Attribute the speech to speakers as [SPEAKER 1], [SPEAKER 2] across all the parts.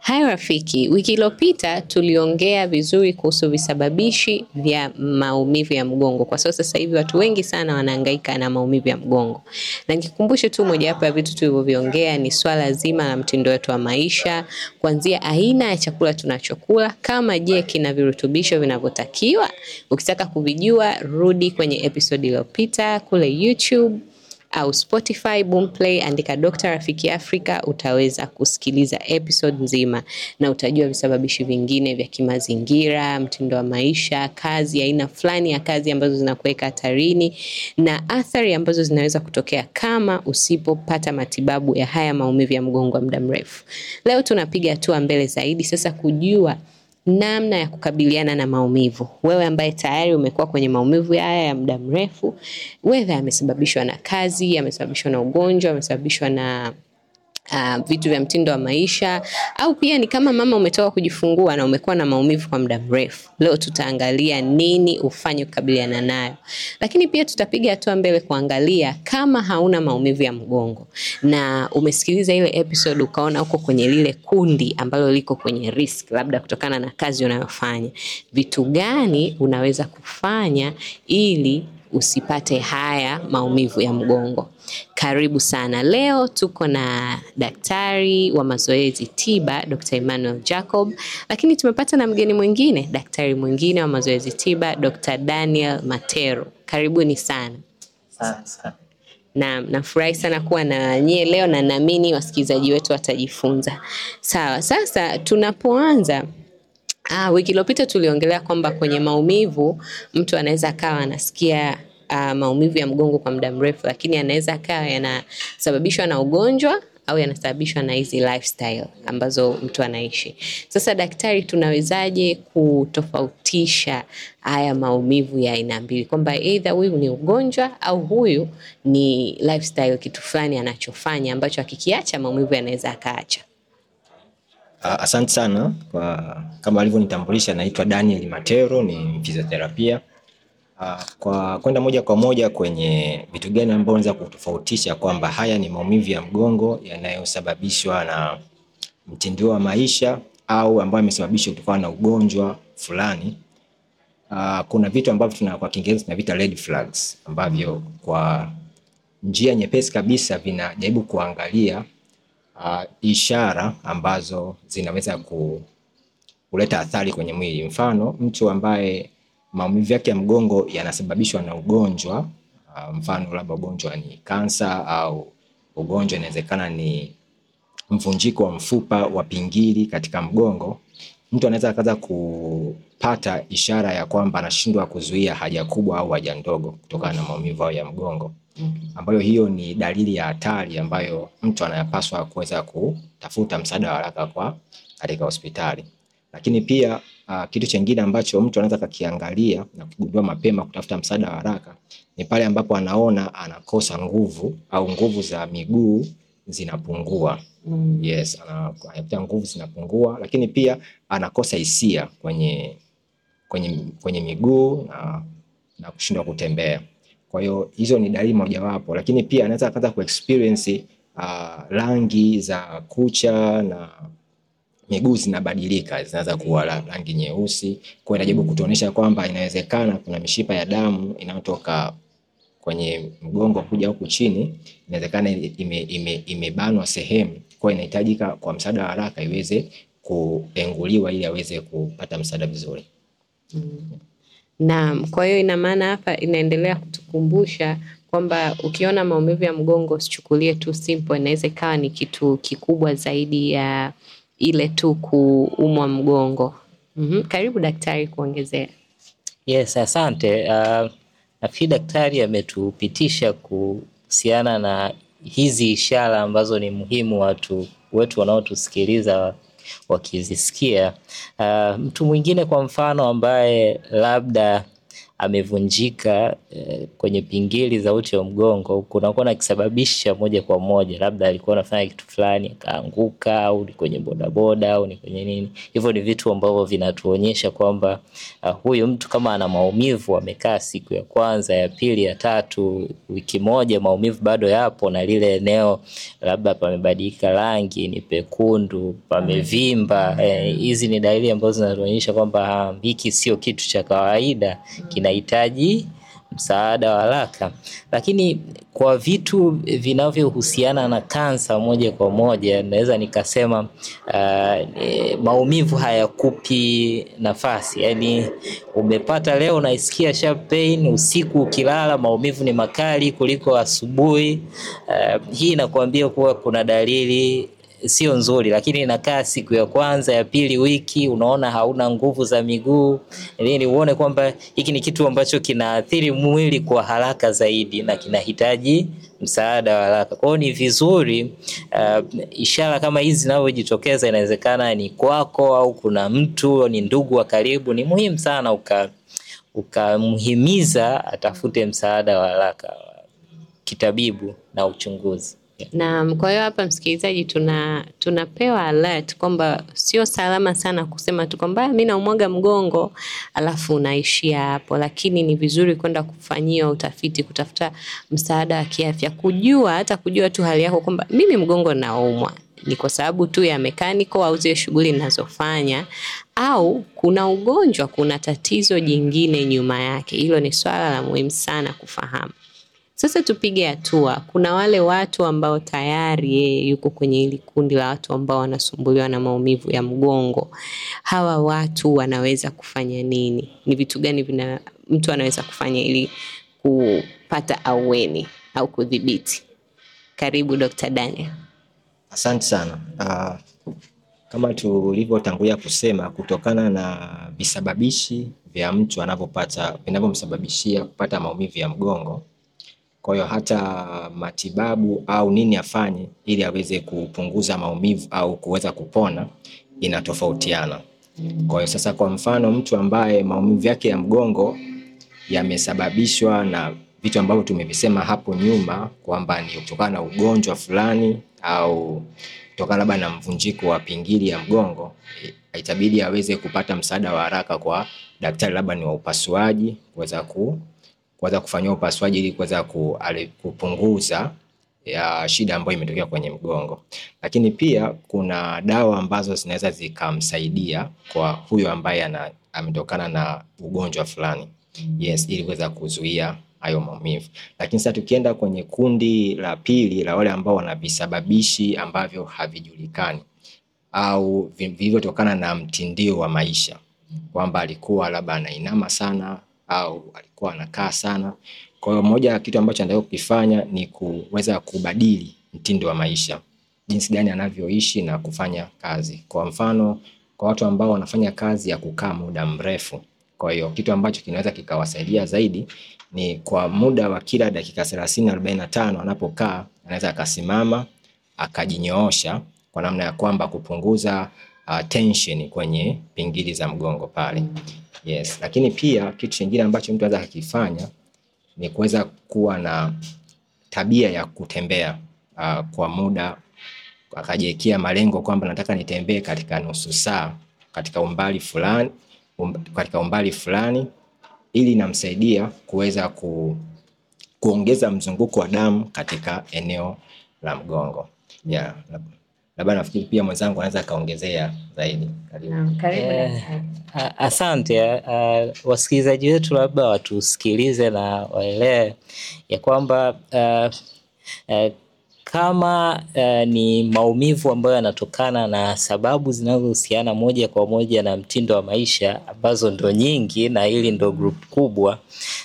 [SPEAKER 1] Hai rafiki, wiki iliyopita tuliongea vizuri kuhusu visababishi vya maumivu ya mgongo, kwa sababu sasa hivi watu wengi sana wanahangaika na maumivu ya mgongo, na nikikumbushe tu mojawapo ya vitu tulivyoviongea ni swala zima la mtindo wetu wa maisha, kuanzia aina ya chakula tunachokula, kama je, kina virutubisho vinavyotakiwa. Ukitaka kuvijua, rudi kwenye episodi iliyopita kule YouTube au Spotify, Boomplay, andika Dokta Rafiki Afrika, utaweza kusikiliza episode nzima na utajua visababishi vingine vya kimazingira, mtindo wa maisha, kazi, aina fulani ya kazi ambazo zinakuweka hatarini na athari ambazo zinaweza kutokea kama usipopata matibabu ya haya maumivu ya mgongo wa muda mrefu. Leo tunapiga hatua mbele zaidi sasa kujua namna ya kukabiliana na maumivu. Wewe ambaye tayari umekuwa kwenye maumivu haya ya muda mrefu, wedha yamesababishwa na kazi, yamesababishwa na ugonjwa, yamesababishwa na Uh, vitu vya mtindo wa maisha au pia ni kama mama umetoka kujifungua na umekuwa na maumivu kwa muda mrefu. Leo tutaangalia nini ufanye kukabiliana nayo, lakini pia tutapiga hatua mbele kuangalia kama hauna maumivu ya mgongo na umesikiliza ile episode ukaona uko kwenye lile kundi ambalo liko kwenye risk, labda kutokana na kazi unayofanya, vitu gani unaweza kufanya ili usipate haya maumivu ya mgongo. Karibu sana. Leo tuko na daktari wa mazoezi tiba Dr. Emmanuel Jacob, lakini tumepata na mgeni mwingine, daktari mwingine wa mazoezi tiba Dr. Daniel Matero. Karibuni sana. Sana sana. Naam, nafurahi sana kuwa na nyie leo na naamini wasikilizaji wetu watajifunza. Sawa, sasa tunapoanza Ah, wiki iliyopita tuliongelea kwamba kwenye maumivu mtu anaweza akawa anasikia uh, maumivu ya mgongo kwa muda mrefu, lakini anaweza akawa yanasababishwa na ugonjwa au yanasababishwa na hizi lifestyle ambazo mtu anaishi. Sasa daktari, tunawezaje kutofautisha haya maumivu ya aina mbili, kwamba either huyu ni ugonjwa au huyu ni lifestyle, kitu fulani anachofanya ambacho akikiacha maumivu yanaweza akaacha?
[SPEAKER 2] Uh, asante sana kwa kama alivyonitambulisha, naitwa Daniel Matero, ni fizioterapia. Uh, ah, kwa kwenda moja kwa moja kwenye vitu gani ambavyo unaweza kutofautisha kwamba haya ni maumivu ya mgongo yanayosababishwa na mtindo wa maisha au ambayo yamesababishwa kutokana na ugonjwa fulani. Uh, kuna vitu ambavyo tuna kwa Kiingereza tunaviita red flags ambavyo kwa njia nyepesi kabisa vinajaribu kuangalia uh, ishara ambazo zinaweza ku, kuleta athari kwenye mwili. Mfano, mtu ambaye maumivu yake ya mgongo yanasababishwa na ugonjwa uh, mfano labda ugonjwa ni kansa au ugonjwa inawezekana ni mvunjiko wa mfupa wa pingili katika mgongo, mtu anaweza akaza kupata ishara ya kwamba anashindwa kuzuia haja kubwa au haja ndogo kutokana na maumivu ya mgongo ambayo hiyo ni dalili ya hatari ambayo mtu anayapaswa kuweza kutafuta msaada wa haraka kwa katika hospitali. Lakini pia uh, kitu chengine ambacho mtu anaweza kakiangalia na kugundua mapema kutafuta msaada wa haraka ni pale ambapo anaona anakosa nguvu au nguvu za miguu zinapungua. Mm. Yes, anapata nguvu zinapungua, lakini pia anakosa hisia kwenye, kwenye, kwenye miguu na, na kushindwa kutembea. Kwa hiyo hizo ni dalili mojawapo, lakini pia anaweza akaanza kuexperience uh, ah, rangi za kucha na miguu zinabadilika, zinaanza kuwa rangi nyeusi. Kwa hiyo inajaribu kutuonesha kwamba inawezekana kuna mishipa ya damu inayotoka kwenye mgongo kuja huku chini, inawezekana imebanwa ime, ime sehemu, kwa inahitajika kwa msaada wa haraka iweze kuenguliwa ili aweze kupata msaada vizuri. mm.
[SPEAKER 1] Naam, kwa hiyo ina maana hapa inaendelea kutukumbusha kwamba ukiona maumivu ya mgongo usichukulie tu simple, inaweza ikawa ni kitu kikubwa zaidi ya ile tu kuumwa mgongo. Mm -hmm. Karibu daktari kuongezea.
[SPEAKER 3] Yes, asante. Uh, nafikiri daktari ametupitisha kuhusiana na hizi ishara ambazo ni muhimu watu wetu wanaotusikiliza wakizisikia. Uh, mtu mwingine kwa mfano ambaye labda amevunjika eh, kwenye pingili za uti wa mgongo kunakuwa na kisababisha moja kwa moja, labda alikuwa anafanya kitu fulani akaanguka, au ni kwenye bodaboda au ni kwenye nini. Hivyo ni vitu ambavyo vinatuonyesha kwamba uh, huyu mtu kama ana maumivu amekaa siku ya kwanza, ya pili, ya tatu, wiki moja, maumivu bado yapo, na lile eneo labda pamebadilika rangi, ni pekundu, pamevimba, eh, hizi eh, ni dalili ambazo zinatuonyesha kwamba ah, hiki sio kitu cha kawaida kina vinahitaji msaada wa haraka, lakini kwa vitu vinavyohusiana na kansa moja kwa moja naweza nikasema uh, maumivu hayakupi nafasi. Yani umepata leo unaisikia sharp pain, usiku ukilala maumivu ni makali kuliko asubuhi. Uh, hii inakuambia kuwa kuna dalili sio nzuri, lakini inakaa siku ya kwanza ya pili, wiki, unaona hauna nguvu za miguu nini, uone kwamba hiki ni kitu ambacho kinaathiri mwili kwa haraka zaidi na kinahitaji msaada wa haraka. Kwa hiyo ni vizuri uh, ishara kama hizi zinavyojitokeza, inawezekana ni kwako au kuna mtu ni ndugu wa karibu, ni muhimu sana uka ukamhimiza atafute msaada wa haraka kitabibu na uchunguzi.
[SPEAKER 1] Naam, kwa hiyo hapa msikilizaji, tuna tunapewa alert kwamba sio salama sana kusema tu kwamba mimi ah, naumwaga mgongo alafu unaishia hapo, lakini ni vizuri kwenda kufanyia utafiti, kutafuta msaada wa kiafya, kujua hata kujua tu hali yako kwamba mimi mgongo naumwa ni kwa sababu tu ya mekaniko au zile shughuli ninazofanya au kuna ugonjwa, kuna tatizo jingine nyuma yake. Hilo ni swala la muhimu sana kufahamu. Sasa tupige hatua. Kuna wale watu ambao tayari yeye yuko kwenye hili kundi la watu ambao wanasumbuliwa na maumivu ya mgongo. Hawa watu wanaweza kufanya nini? Ni vitu gani vina mtu anaweza kufanya ili kupata aweni au kudhibiti? Karibu Dr. Daniel.
[SPEAKER 2] Asante sana. Uh, kama tulivyotangulia kusema kutokana na visababishi vya mtu anavyopata vinavyomsababishia kupata maumivu ya mgongo kwa hiyo hata matibabu au nini afanye ili aweze kupunguza maumivu au kuweza kupona inatofautiana. Kwa hiyo sasa, kwa mfano, mtu ambaye maumivu yake ya mgongo yamesababishwa na vitu ambavyo tumevisema hapo nyuma kwamba ni kutokana na ugonjwa fulani au kutokana labda na mvunjiko wa pingili ya mgongo, itabidi aweze kupata msaada wa haraka kwa daktari, labda ni wa upasuaji kuweza ku kuweza kufanyiwa upasuaji ili kuweza kupunguza ya shida ambayo imetokea kwenye mgongo. Lakini pia kuna dawa ambazo zinaweza zikamsaidia kwa huyo ambaye ametokana na ugonjwa fulani. Yes, ili kuweza kuzuia hayo maumivu. Lakini sasa tukienda kwenye kundi la pili la wale ambao wana visababishi ambavyo havijulikani au vilivyotokana na mtindio wa maisha, kwamba alikuwa labda anainama sana au alikuwa anakaa sana. Kwa hiyo moja ya kitu ambacho anataka kukifanya ni kuweza kubadili mtindo wa maisha, jinsi gani anavyoishi na kufanya kazi. Kwa mfano, kwa watu ambao wanafanya kazi ya kukaa muda mrefu, kwa hiyo kitu ambacho kinaweza kikawasaidia zaidi ni kwa muda wa kila dakika 30 45, anapokaa anaweza akasimama akajinyoosha kwa namna ya kwamba kupunguza uh, tension kwenye pingili za mgongo pale. Yes, lakini pia kitu kingine ambacho mtu anaweza kukifanya ni kuweza kuwa na tabia ya kutembea uh, kwa muda akajiwekea malengo kwamba nataka nitembee katika nusu saa katika umbali fulani um, katika umbali fulani ili namsaidia kuweza ku, kuongeza mzunguko wa damu katika eneo la mgongo. Yeah labda nafikiri pia mwenzangu anaweza akaongezea zaidi.
[SPEAKER 1] Karibu. Karibu. Eh,
[SPEAKER 3] asante. Uh, wasikilizaji wetu labda watusikilize na waelewe ya kwamba uh, uh, kama uh, ni maumivu ambayo yanatokana na sababu zinazohusiana moja kwa moja na mtindo wa maisha ambazo ndo nyingi na hili ndo group kubwa,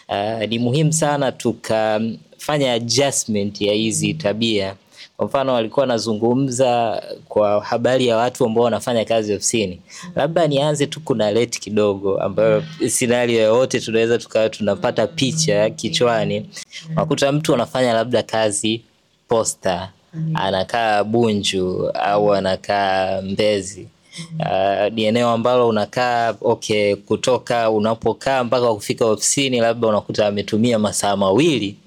[SPEAKER 3] uh, ni muhimu sana tukafanya adjustment ya hizi tabia kwa mfano alikuwa anazungumza kwa habari ya watu ambao wanafanya kazi ofisini. Labda nianze tu kuna leti kidogo ambayo sinario yoyote tunaweza tukawa tunapata picha kichwani. Unakuta mtu anafanya labda kazi posta, anakaa Bunju au anakaa Mbezi. Uh, ni eneo ambalo unakaa okay, kutoka unapokaa mpaka kufika ofisini labda unakuta ametumia masaa mawili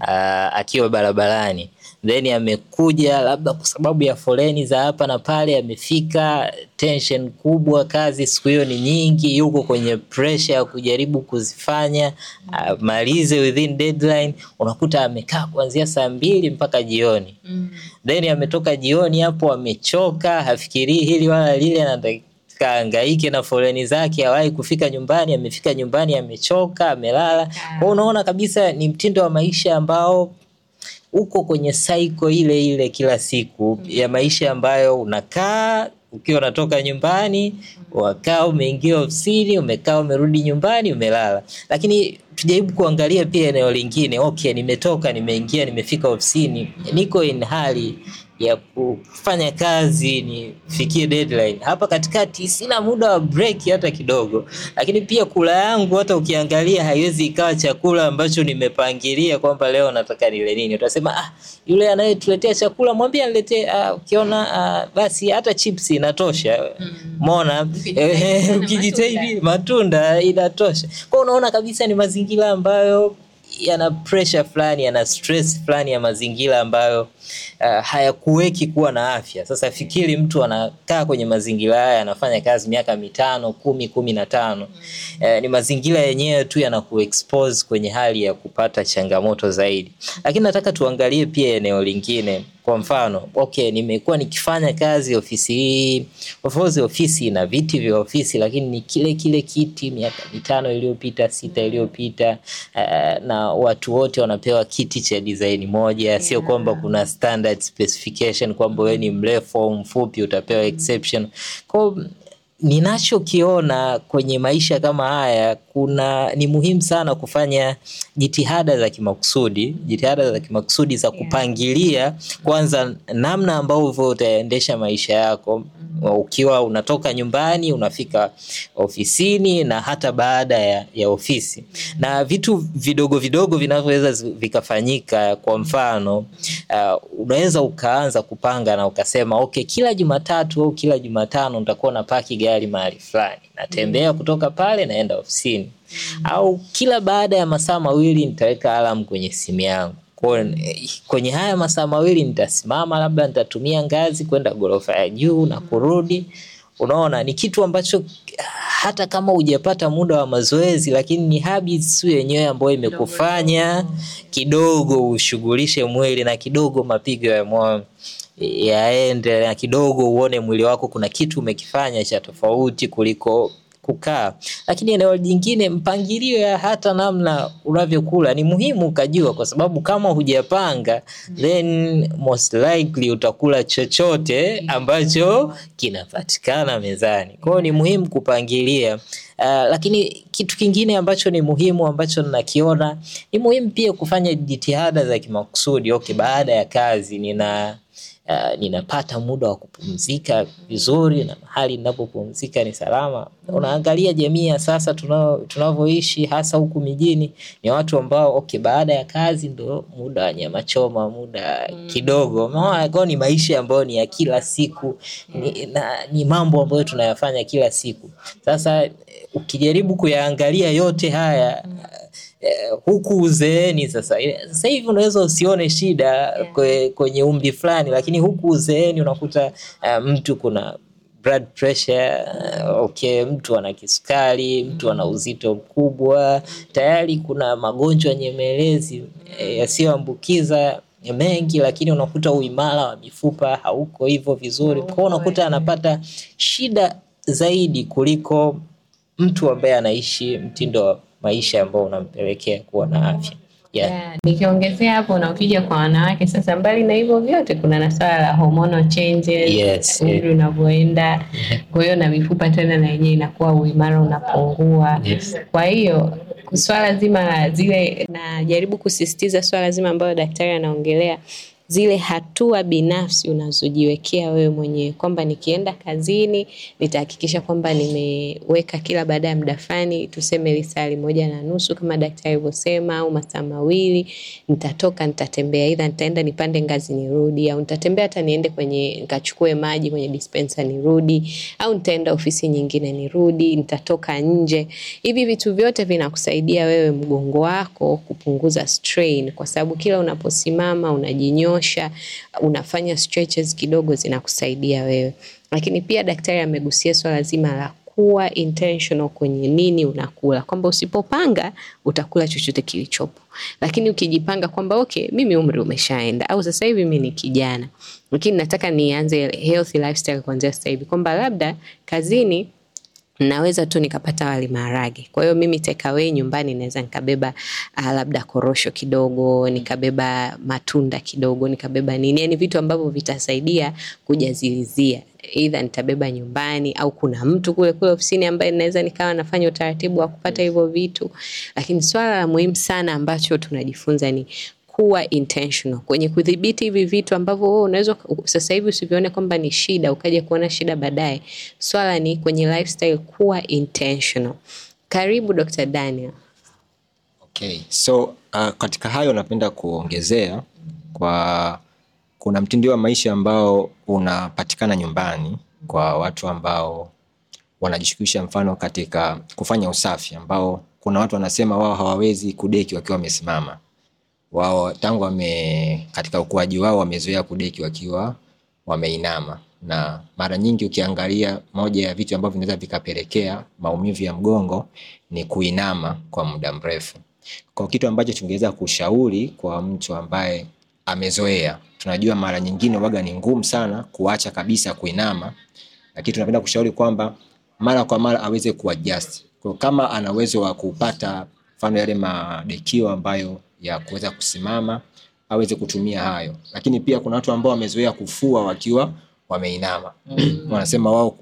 [SPEAKER 3] uh, akiwa barabarani then amekuja labda kwa sababu ya foleni za hapa na pale, amefika tension kubwa, kazi siku hiyo ni nyingi, yuko kwenye pressure ya kujaribu kuzifanya amalize within deadline. Unakuta amekaa kuanzia saa mbili mpaka jioni mm. Then ametoka jioni hapo amechoka, hafikirii hili wala lile, anataka na foleni zake, hawahi kufika nyumbani. Amefika nyumbani amechoka, amelala. Ah. Kwa unaona kabisa ni mtindo wa maisha ambao uko kwenye saiko ile ile kila siku mm. ya mm-hmm. maisha ambayo unakaa ukiwa unatoka nyumbani, wakaa mm-hmm. umeingia ofisini, umekaa umerudi nyumbani, umelala. Lakini tujaribu kuangalia pia eneo lingine. Okay, nimetoka, nimeingia, nimefika ofisini, niko in hali ya kufanya kazi nifikie deadline. Hapa katikati sina muda wa break hata kidogo, lakini pia kula yangu hata ukiangalia haiwezi ikawa chakula ambacho nimepangilia kwamba leo nataka nile nini. Utasema ah, yule anayetuletea chakula mwambie aniletee. Ah, ukiona ah, basi hata chips inatosha, hmm. umeona mm. Ukijitahidi matunda inatosha. Kwa unaona kabisa ni mazingira ambayo yana pressure fulani, yana stress fulani ya mazingira ambayo uh, hayakuweki kuwa na afya. Sasa fikiri mtu anakaa kwenye mazingira haya anafanya kazi miaka mitano kumi kumi na tano uh, ni mazingira yenyewe tu yanakuexpose kwenye hali ya kupata changamoto zaidi, lakini nataka tuangalie pia eneo lingine kwa mfano okay, nimekuwa nikifanya kazi ofisi hii. Of course ofisi ina viti vya ofisi, lakini ni kile kile kiti miaka mitano iliyopita sita iliyopita, uh, na watu wote wanapewa kiti cha design moja yeah. Sio kwamba kuna standard specification kwamba wewe ni mrefu au mfupi utapewa exception. Kwa ninachokiona kwenye maisha kama haya kuna ni muhimu sana kufanya jitihada za kimakusudi, jitihada za kimakusudi za kupangilia kwanza namna ambavyo utaendesha maisha yako mm-hmm. ukiwa unatoka nyumbani unafika ofisini na hata baada ya, ya ofisi mm-hmm. na vitu vidogo vidogo vinavyoweza vikafanyika. Kwa mm-hmm. mfano uh, unaweza ukaanza kupanga na ukasema okay, kila Jumatatu au kila Jumatano nitakuwa na paki gari mahali fulani, natembea kutoka pale naenda ofisini au kila baada ya masaa mawili nitaweka alamu kwenye simu yangu eh, kwenye haya masaa mawili nitasimama, labda nitatumia ngazi kwenda ghorofa ya juu na kurudi. Unaona, ni kitu ambacho hata kama hujapata muda wa mazoezi, lakini ni habits tu yenyewe ambayo imekufanya kidogo ushughulishe mwili na kidogo mapigo ya moyo eh, yaende, na kidogo uone mwili wako kuna kitu umekifanya cha tofauti kuliko kukaa. Lakini eneo jingine, mpangilio ya hata namna unavyokula ni muhimu ukajua, kwa sababu kama hujapanga then most likely utakula chochote ambacho kinapatikana mezani. Kwa hiyo ni muhimu kupangilia. Uh, lakini kitu kingine ambacho ni muhimu ambacho ninakiona ni muhimu pia kufanya jitihada za kimakusudi. Okay, baada ya kazi nina uh, ninapata muda wa kupumzika vizuri na mahali ninapopumzika ni salama. Unaangalia jamii ya sasa tunavyoishi, hasa huku mijini, ni watu ambao okay, baada ya kazi ndo muda wa nyama choma, muda kidogo mao, mm. ni maisha ambayo ni ya kila siku ni, na, ni mambo ambayo tunayafanya kila siku. Sasa ukijaribu kuyaangalia yote haya mm eh, huku uzeeni sasa. Eh, sasa hivi unaweza usione shida kwe, kwenye umri fulani, lakini huku uzeeni unakuta uh, mtu kuna blood pressure eh, okay, mtu ana kisukari, mtu ana mm. uzito mkubwa, tayari kuna magonjwa nyemelezi eh, yasiyoambukiza mengi lakini unakuta uimara wa mifupa hauko hivyo vizuri, kwa unakuta anapata shida zaidi kuliko mtu ambaye anaishi mtindo wa maisha ambayo unampelekea kuwa na afya. Yeah.
[SPEAKER 1] Yeah. Nikiongezea hapo na ukija kwa wanawake sasa, mbali na hivyo vyote, kuna na swala la hormonal changes, yes, umri eh. unavyoenda, kwa hiyo na mifupa tena na yenyewe inakuwa uimara unapungua, yes. Kwa hiyo swala zima la zile, najaribu kusisitiza swala zima ambayo daktari anaongelea zile hatua binafsi unazojiwekea wewe mwenyewe kwamba nikienda kazini nitahakikisha kwamba nimeweka kila baada ya muda fulani, tuseme lisali moja na nusu kama daktari alivyosema, au masaa mawili, nitatoka nitatembea, aidha nitaenda nipande ngazi nirudi, au nitatembea hata niende kwenye nikachukue maji kwenye dispensa nirudi, au nitaenda ofisi nyingine nirudi, nitatoka nje. Hivi vitu vyote vinakusaidia wewe mgongo wako kupunguza strain, kwa sababu kila unaposimama unajinyoa kunyosha, unafanya stretches kidogo zinakusaidia wewe. Lakini pia daktari amegusia swala zima la kuwa intentional kwenye nini unakula, kwamba usipopanga utakula chochote kilichopo, lakini ukijipanga kwamba okay, mimi umri umeshaenda au sasa hivi mimi ni kijana, lakini nataka nianze healthy lifestyle kuanzia sasa hivi, kwamba labda kazini naweza tu nikapata wali maharage. Kwa hiyo mimi takeaway nyumbani naweza nikabeba uh, labda korosho kidogo, nikabeba matunda kidogo, nikabeba nini, yani vitu ambavyo vitasaidia kujazilizia Either nitabeba nyumbani au kuna mtu kule kule ofisini ambaye naweza nikawa nafanya utaratibu wa kupata hivyo vitu. Lakini swala la muhimu sana ambacho tunajifunza ni kuwa intentional kwenye kudhibiti hivi vitu ambavyo wewe unaweza sasa hivi usivione kwamba ni shida, ukaja kuona shida baadaye. Swala ni kwenye lifestyle kuwa intentional. Karibu Dr. Daniel.
[SPEAKER 2] Okay. So uh, katika hayo napenda kuongezea kwa kuna mtindo wa maisha ambao unapatikana nyumbani kwa watu ambao wanajishughulisha mfano katika kufanya usafi, ambao kuna watu wanasema wao hawawezi kudeki wakiwa wamesimama wao tangu wame katika ukuaji wao wamezoea kudeki wakiwa wameinama, na mara nyingi ukiangalia, moja ya vitu ambavyo vinaweza vikapelekea maumivu ya mgongo ni kuinama kwa muda mrefu. Kwa kitu ambacho tungeweza kushauri kwa mtu ambaye amezoea, tunajua mara nyingine waga ni ngumu sana kuacha kabisa kuinama, lakini tunapenda kushauri kwamba mara kwa mara aweze kuadjust. Kwa kama ana uwezo wa kupata mfano yale madekio ambayo ya kuweza kusimama aweze kutumia hayo, lakini pia kuna watu ambao wamezoea kufua wakiwa wameinama mm. wanasema wao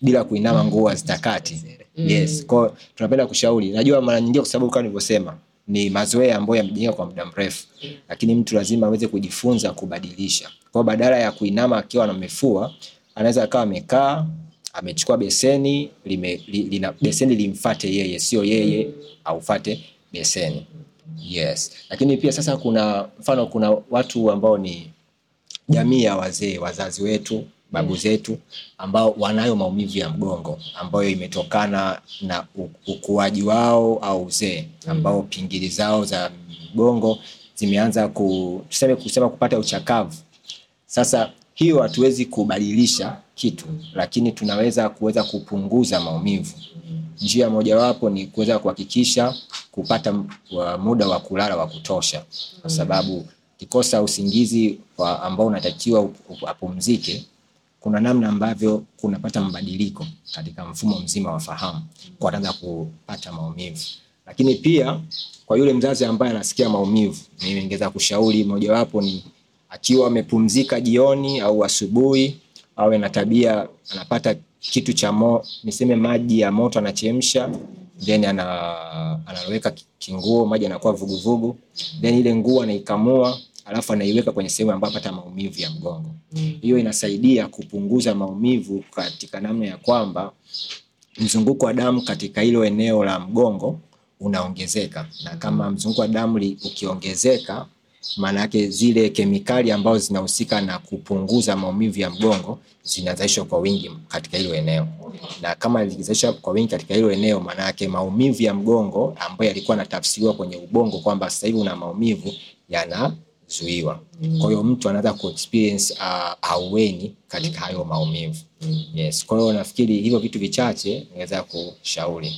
[SPEAKER 2] bila kuinama nguo hazitakati. Mm. Yes, Kwa tunapenda kushauri. Najua mara nyingi, kwa sababu kama nilivyosema ni mazoea ambayo yamejenga kwa muda mrefu, lakini mtu lazima aweze kujifunza kubadilisha. kwa badala ya kuinama akiwa amefua, anaweza akawa amekaa amechukua beseni lime, li, lina, beseni limfate yeye, sio yeye mm. aufate beseni. Yes, lakini pia sasa kuna mfano, kuna watu ambao ni jamii ya wazee, wazazi wetu, babu mm. zetu, ambao wanayo maumivu ya mgongo ambayo imetokana na ukuaji wao au uzee, mm. ambao pingili zao za mgongo zimeanza ku, tuseme kusema kupata uchakavu. Sasa hiyo hatuwezi kubadilisha kitu, mm. lakini tunaweza kuweza kupunguza maumivu njia mojawapo ni kuweza kuhakikisha kupata muda wa kulala wa kutosha,
[SPEAKER 1] kwa mm. sababu
[SPEAKER 2] kikosa usingizi ambao unatakiwa apumzike, kuna namna ambavyo kunapata mabadiliko katika mfumo mzima wa fahamu, kwa ataanza kupata maumivu. Lakini pia kwa yule mzazi ambaye anasikia maumivu, mimi ningeweza kushauri mojawapo ni akiwa amepumzika jioni au asubuhi, awe na tabia anapata kitu cha mo, niseme maji ya moto anachemsha, then ana anaweka kinguo, maji yanakuwa vuguvugu, then ile nguo anaikamua alafu anaiweka kwenye sehemu ambayo pata maumivu ya mgongo. Hiyo inasaidia kupunguza maumivu katika namna ya kwamba mzunguko wa damu katika hilo eneo la mgongo unaongezeka, na kama mzunguko wa damu ukiongezeka maana yake zile kemikali ambazo zinahusika na kupunguza maumivu ya mgongo zinazalishwa kwa wingi katika hilo eneo, na kama zikizalishwa kwa wingi katika hilo eneo, maana yake maumivu ya mgongo ambayo yalikuwa yanatafsiriwa kwenye ubongo kwamba sasa hivi una maumivu yanazuiwa. Kwa hiyo mtu anaweza ku experience uh, aweni katika hayo maumivu. Yes, kwa hiyo nafikiri hivyo vitu vichache naweza kushauri.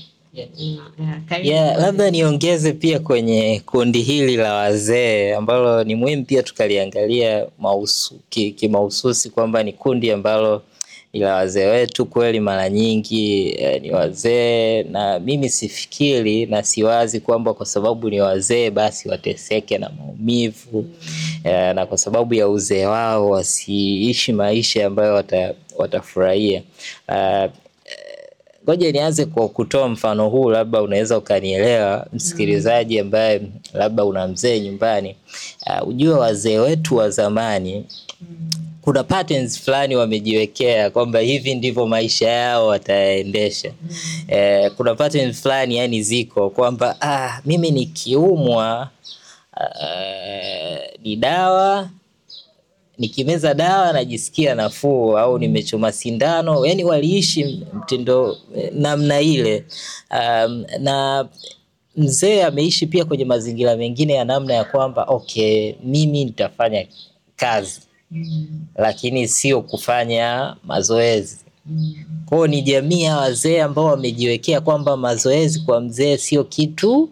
[SPEAKER 3] Yeah, labda niongeze pia kwenye kundi hili la wazee ambalo ni muhimu pia tukaliangalia kimahususi ki kwamba ni kundi ambalo ni la wazee wetu kweli, mara nyingi eh, ni wazee, na mimi sifikiri na siwazi kwamba kwa sababu ni wazee basi wateseke na maumivu hmm. eh, na kwa sababu ya uzee wao wasiishi maisha ambayo wata watafurahia. Uh, ngoja nianze kwa kutoa mfano huu, labda unaweza ukanielewa msikilizaji ambaye labda una mzee nyumbani. Uh, ujue wazee wetu wa zamani kuna patterns fulani wamejiwekea kwamba hivi ndivyo maisha yao wataendesha. Eh, kuna patterns fulani yani ziko kwamba ah, mimi nikiumwa, uh, ni dawa nikimeza dawa najisikia nafuu, au nimechoma sindano. Yani waliishi mtindo eh, namna ile. Um, na mzee ameishi pia kwenye mazingira mengine ya namna ya kwamba okay, mimi nitafanya kazi mm. lakini sio kufanya mazoezi mm. Kwao ni jamii ya wazee ambao wamejiwekea kwamba mazoezi kwa mzee sio kitu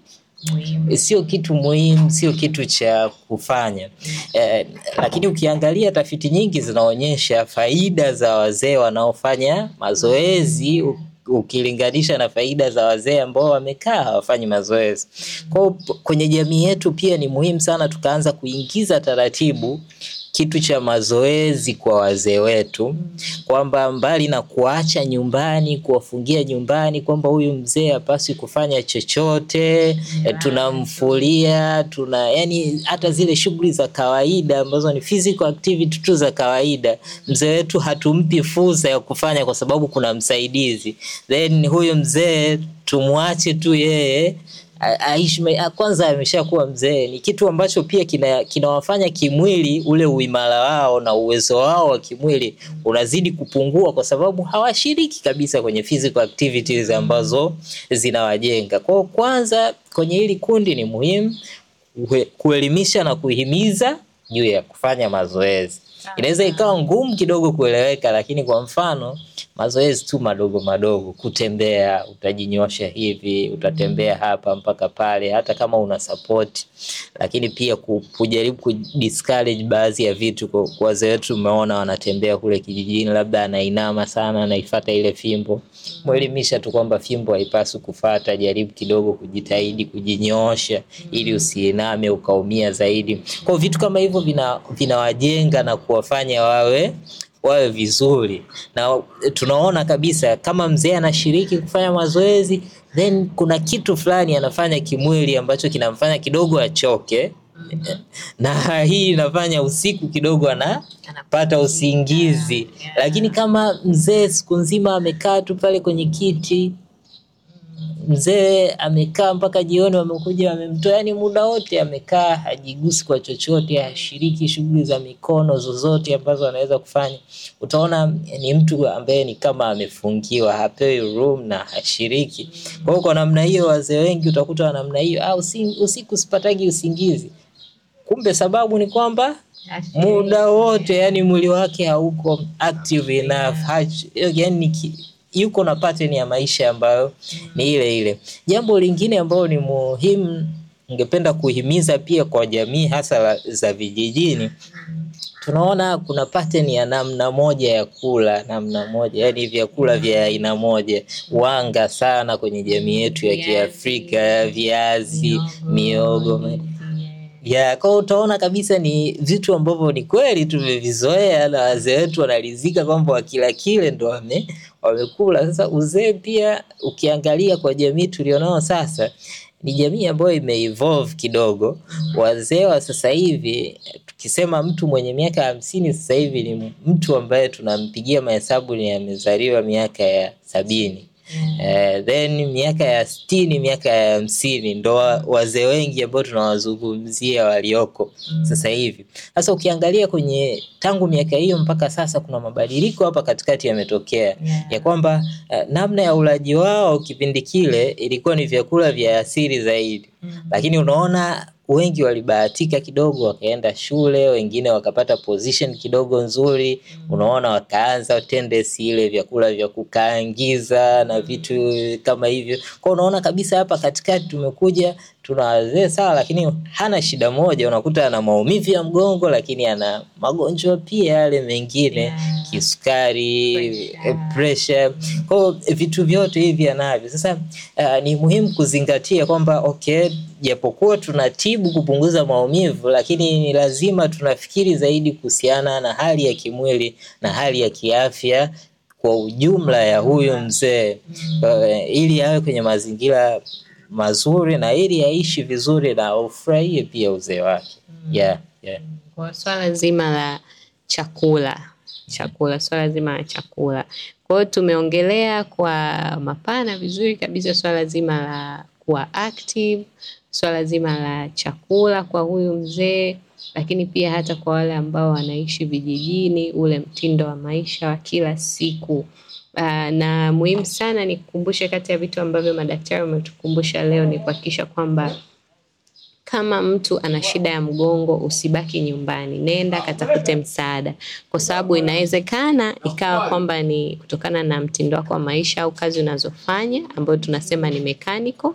[SPEAKER 3] muhimu. Eh, sio kitu muhimu, sio kitu cha kufanya eh, lakini ukiangalia tafiti nyingi zinaonyesha faida za wazee wanaofanya mazoezi ukilinganisha na faida za wazee ambao wamekaa hawafanyi mazoezi. Kwa kwenye jamii yetu pia ni muhimu sana tukaanza kuingiza taratibu kitu cha mazoezi kwa wazee wetu, kwamba mbali na kuacha nyumbani, kuwafungia nyumbani, kwamba huyu mzee hapaswi kufanya chochote, eh, tunamfulia tuna, yani hata zile shughuli za kawaida ambazo ni physical activity tu za kawaida, mzee wetu hatumpi fursa ya kufanya kwa sababu kuna msaidizi, then huyu mzee tumwache tu yeye aishi kwanza ameshakuwa mzee, ni kitu ambacho pia kinawafanya kina kimwili, ule uimara wao na uwezo wao wa kimwili unazidi kupungua, kwa sababu hawashiriki kabisa kwenye physical activities ambazo zinawajenga. Kwa kwanza kwenye hili kundi ni muhimu kuelimisha na kuhimiza juu ya kufanya mazoezi. Ah. Inaweza ikawa ngumu kidogo kueleweka, lakini kwa mfano mazoezi tu madogo madogo, kutembea, utajinyosha hivi, utatembea mm. hapa mpaka pale, hata kama una support. Lakini pia kujaribu kudiscourage baadhi ya vitu. Kwa wazee wetu, umeona wanatembea kule kijijini, labda anainama sana, anaifuata ile fimbo, mwelimisha tu kwamba fimbo haipaswi kufata, jaribu kidogo kujitahidi kujinyoosha, ili mm. usiiname ukaumia zaidi. Kwa vitu kama hivyo vinawajenga vina na kuwafanya wawe wawe vizuri, na tunaona kabisa kama mzee anashiriki kufanya mazoezi, then kuna kitu fulani anafanya kimwili ambacho kinamfanya kidogo achoke mm-hmm. na hii inafanya usiku kidogo anapata usingizi, lakini kama mzee siku nzima amekaa tu pale kwenye kiti mzee amekaa mpaka jioni, wamekuja wamemtoa, yani muda wote amekaa, hajigusi kwa chochote, hashiriki shughuli za mikono zozote ambazo anaweza kufanya. Utaona ni mtu ambaye ni kama amefungiwa, hapewi room na hashiriki. Kwa hiyo kwa namna hiyo, wazee wengi utakuta wa namna hiyo, au usiku usipatagi usingizi, kumbe sababu ni kwamba muda wote, yani mwili wake hauko active enough, yani yuko na pattern ya maisha ambayo ni ile ile. Jambo lingine ambalo ni muhimu, ningependa kuhimiza pia kwa jamii hasa za vijijini, tunaona kuna pattern ya namna moja ya kula, namna moja yani vyakula vya aina moja, wanga sana kwenye jamii yetu ya Kiafrika, viazi, miogo ya kwa utaona kabisa ni vitu ambavyo ni kweli tumevizoea na wazee wetu wanaridhika kwamba wakila kile ndo wame wamekula. Sasa uzee pia ukiangalia kwa jamii tulionao sasa ni jamii ambayo imeevolve kidogo. Wazee wa sasa hivi, tukisema mtu mwenye miaka hamsini sasa hivi ni mtu ambaye tunampigia mahesabu ni amezaliwa miaka ya sabini. Mm. Eh, then miaka ya sitini miaka ya hamsini ndo mm. wazee wengi ambao tunawazungumzia walioko mm. sasa hivi. Sasa ukiangalia kwenye tangu miaka hiyo mpaka sasa kuna mabadiliko hapa katikati yametokea, yeah. ya kwamba uh, namna ya ulaji wao kipindi kile ilikuwa ni vyakula vya asili zaidi mm. lakini unaona wengi walibahatika kidogo, wakaenda shule, wengine wakapata position kidogo nzuri, mm. unaona, wakaanza tendency ile vyakula vya kukaangiza na mm. vitu kama hivyo. Kwa unaona kabisa hapa katikati tumekuja tuna wazee sawa, lakini hana shida moja, unakuta ana maumivu ya mgongo, lakini ana magonjwa pia yale mengine yeah, kisukari, pressure, pressure. Kwa vitu vyote hivi anavyo. Sasa uh, ni muhimu kuzingatia kwamba okay japokuwa tunatibu kupunguza maumivu, lakini ni lazima tunafikiri zaidi kuhusiana na hali ya kimwili na hali ya kiafya kwa ujumla ya huyu mzee mm. eh, ili awe kwenye mazingira mazuri na ili aishi vizuri na ufurahie pia uzee wake. Mm. Yeah, yeah.
[SPEAKER 1] Kwa swala zima la chakula chakula swala zima la chakula. Kwa hiyo tumeongelea kwa mapana vizuri kabisa swala zima la kuwa active, swala zima la chakula kwa huyu mzee, lakini pia hata kwa wale ambao wanaishi vijijini, ule mtindo wa maisha wa kila siku. Uh, na muhimu sana nikukumbushe, kati ya vitu ambavyo madaktari wametukumbusha leo ni kuhakikisha kwamba kama mtu ana shida ya mgongo, usibaki nyumbani, nenda katafute msaada, kwa sababu inawezekana ikawa kwamba ni kutokana na mtindo wako wa maisha au kazi unazofanya ambayo tunasema ni mekaniko,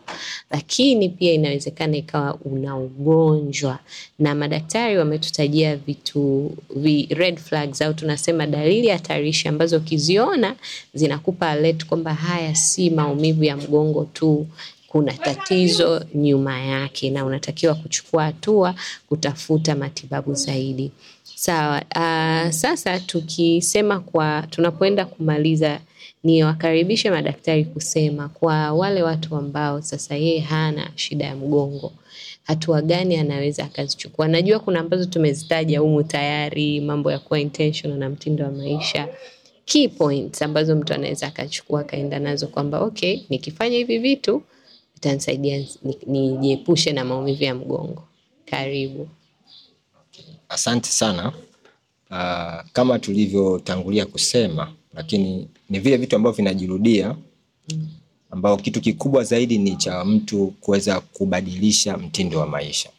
[SPEAKER 1] lakini pia inawezekana ikawa una ugonjwa, na madaktari wametutajia vitu vi red flags au tunasema dalili hatarishi ambazo ukiziona zinakupa alert kwamba haya si maumivu ya mgongo tu kuna tatizo nyuma yake na unatakiwa kuchukua hatua kutafuta matibabu zaidi. Sawa. Uh, sasa tukisema kwa tunapoenda kumaliza niwakaribishe madaktari kusema kwa wale watu ambao sasa yeye hana shida ya mgongo, hatua gani anaweza akazichukua? Najua kuna ambazo tumezitaja humu tayari, mambo ya kuwa intentional na mtindo wa maisha, key points ambazo mtu anaweza akachukua akaenda nazo kwamba okay, nikifanya hivi vitu itanisaidia nijiepushe ni na maumivu ya mgongo. Karibu.
[SPEAKER 2] Asante sana. Uh, kama tulivyotangulia kusema, lakini ni vile vitu ambavyo vinajirudia mm. ambao kitu kikubwa zaidi ni cha mtu kuweza kubadilisha mtindo wa maisha.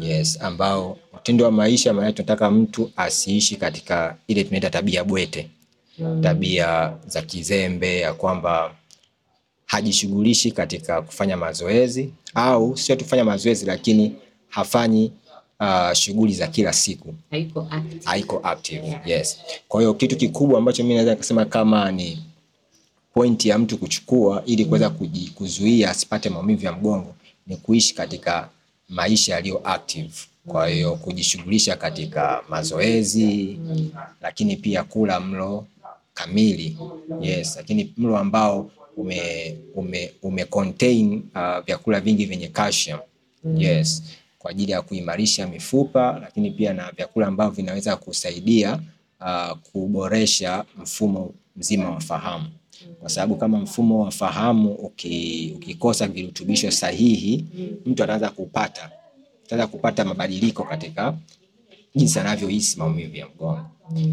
[SPEAKER 2] Yes, ambao mtindo wa maisha maana tunataka mtu asiishi katika ile tunaita tabia bwete, mm. tabia za kizembe ya kwamba hajishughulishi katika kufanya mazoezi au sio tufanya mazoezi lakini hafanyi uh, shughuli za kila siku,
[SPEAKER 1] haiko active.
[SPEAKER 2] Haiko active. Yes. Kwa hiyo kitu kikubwa ambacho mimi naweza kusema kama ni pointi ya mtu kuchukua ili kuweza kuzuia asipate maumivu ya mgongo ni kuishi katika maisha yaliyo active. Kwa hiyo kujishughulisha katika mazoezi, lakini pia kula mlo kamili. Yes, lakini mlo ambao ume, ume, ume contain uh, vyakula vingi vyenye calcium mm. Yes, kwa ajili ya kuimarisha mifupa, lakini pia na vyakula ambavyo vinaweza kusaidia uh, kuboresha mfumo mzima wa fahamu kwa sababu mm. kama mfumo wa fahamu ukikosa virutubisho sahihi, mm. mtu anaweza kupata anaweza kupata mabadiliko katika jinsi anavyohisi maumivu ya mgongo.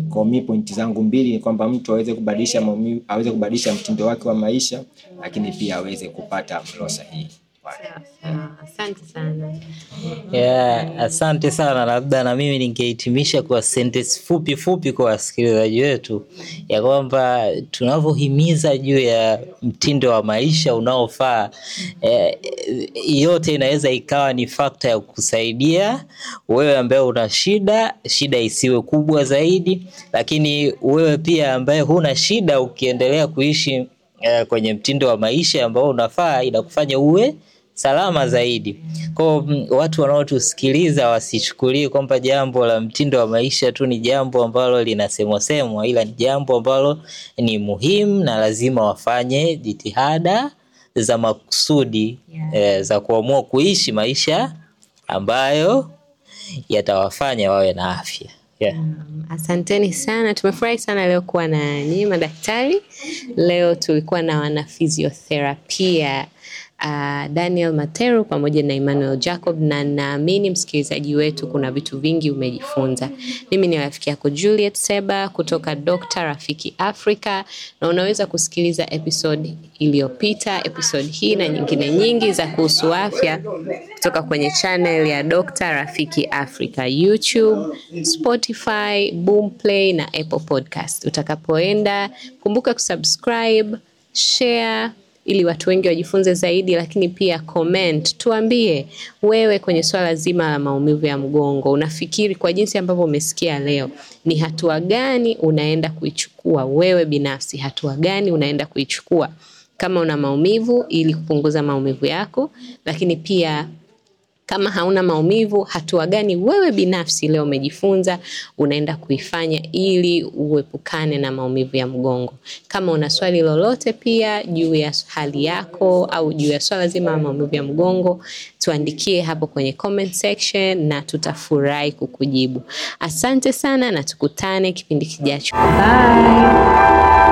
[SPEAKER 2] Kwa mi pointi zangu mbili ni kwamba mtu aweze kubadilisha maumivu, aweze kubadilisha mtindo wake wa maisha, lakini pia aweze kupata mlo sahihi.
[SPEAKER 1] Asante sana. Yeah,
[SPEAKER 3] asante sana. Labda na mimi ningehitimisha kwa sentensi fupi fupi kwa wasikilizaji wetu ya kwamba tunavyohimiza juu ya mtindo wa maisha unaofaa, eh, yote inaweza ikawa ni fakta ya kukusaidia wewe ambaye una shida, shida isiwe kubwa zaidi, lakini wewe pia ambaye huna shida ukiendelea kuishi eh, kwenye mtindo wa maisha ambao unafaa inakufanya uwe salama zaidi. Kwa mm, watu wanaotusikiliza wasichukulie kwamba jambo la mtindo wa maisha tu ni jambo ambalo linasemwasemwa, ila ni jambo ambalo ni muhimu na lazima wafanye jitihada za makusudi yeah, eh, za kuamua kuishi maisha ambayo yatawafanya wawe na afya. Yeah. Um,
[SPEAKER 1] asanteni sana, tumefurahi sana leo kuwa na nyinyi madaktari. Leo tulikuwa na wanafiziotherapia uh, Daniel Materu pamoja na Emmanuel Jacob, na naamini msikilizaji wetu kuna vitu vingi umejifunza. Mimi ni rafiki yako Juliet Seba kutoka Dr. Rafiki Africa, na unaweza kusikiliza episode iliyopita, episode hii na nyingine nyingi za kuhusu afya kutoka kwenye channel ya Dr. Rafiki Africa YouTube, Spotify, Boomplay na Apple Podcast. Utakapoenda kumbuka kusubscribe, share ili watu wengi wajifunze zaidi, lakini pia comment, tuambie wewe kwenye swala zima la maumivu ya mgongo, unafikiri kwa jinsi ambavyo umesikia leo, ni hatua gani unaenda kuichukua wewe binafsi? Hatua gani unaenda kuichukua kama una maumivu, ili kupunguza maumivu yako, lakini pia kama hauna maumivu, hatua gani wewe binafsi leo umejifunza unaenda kuifanya ili uepukane na maumivu ya mgongo? Kama una swali lolote pia juu ya hali yako au juu ya swala zima la maumivu ya mgongo, tuandikie hapo kwenye comment section na tutafurahi kukujibu. Asante sana na tukutane kipindi kijacho. Bye.